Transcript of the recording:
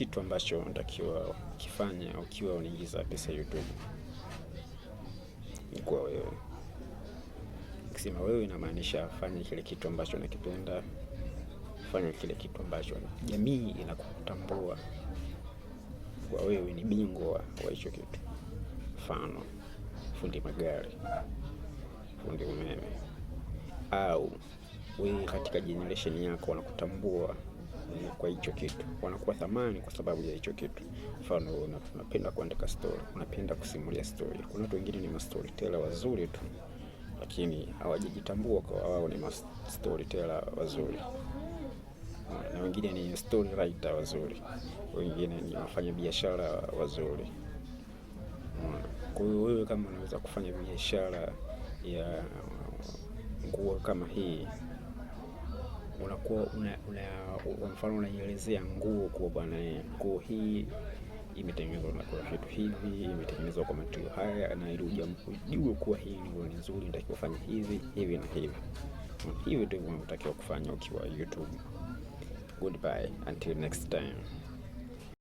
kitu ambacho unatakiwa kifanya ukiwa unaingiza pesa YouTube ni kwa wewe. Nikisema wewe, inamaanisha fanya kile kitu ambacho unakipenda, fanya kile kitu ambacho jamii inakutambua kwa wewe ni bingwa wa hicho kitu. Mfano, fundi magari, fundi umeme, au wewe katika generation yako wanakutambua kwa hicho kitu, wanakuwa thamani kwa sababu ya hicho kitu. Mfano, unapenda kuandika story, unapenda kusimulia story. Kuna watu wengine ni ma-storyteller wazuri tu, lakini hawajijitambua kwa wao ni ma-storyteller wazuri, na wengine ni story writer wazuri, wengine ni wafanya biashara wazuri. Kwa hiyo wewe kama unaweza kufanya biashara ya nguo kama hii unakuwa una, una, una mfano unaielezea nguo kuwa bwana, nguo hii imetengenezwa na vitu hivi, imetengenezwa kwa matio haya, na ili ujue kuwa hii nguo ni nzuri, nitakiwa fanya hivi hivi na hivi. Hivyo ndivyo unatakiwa kufanya ukiwa YouTube. Goodbye until next time.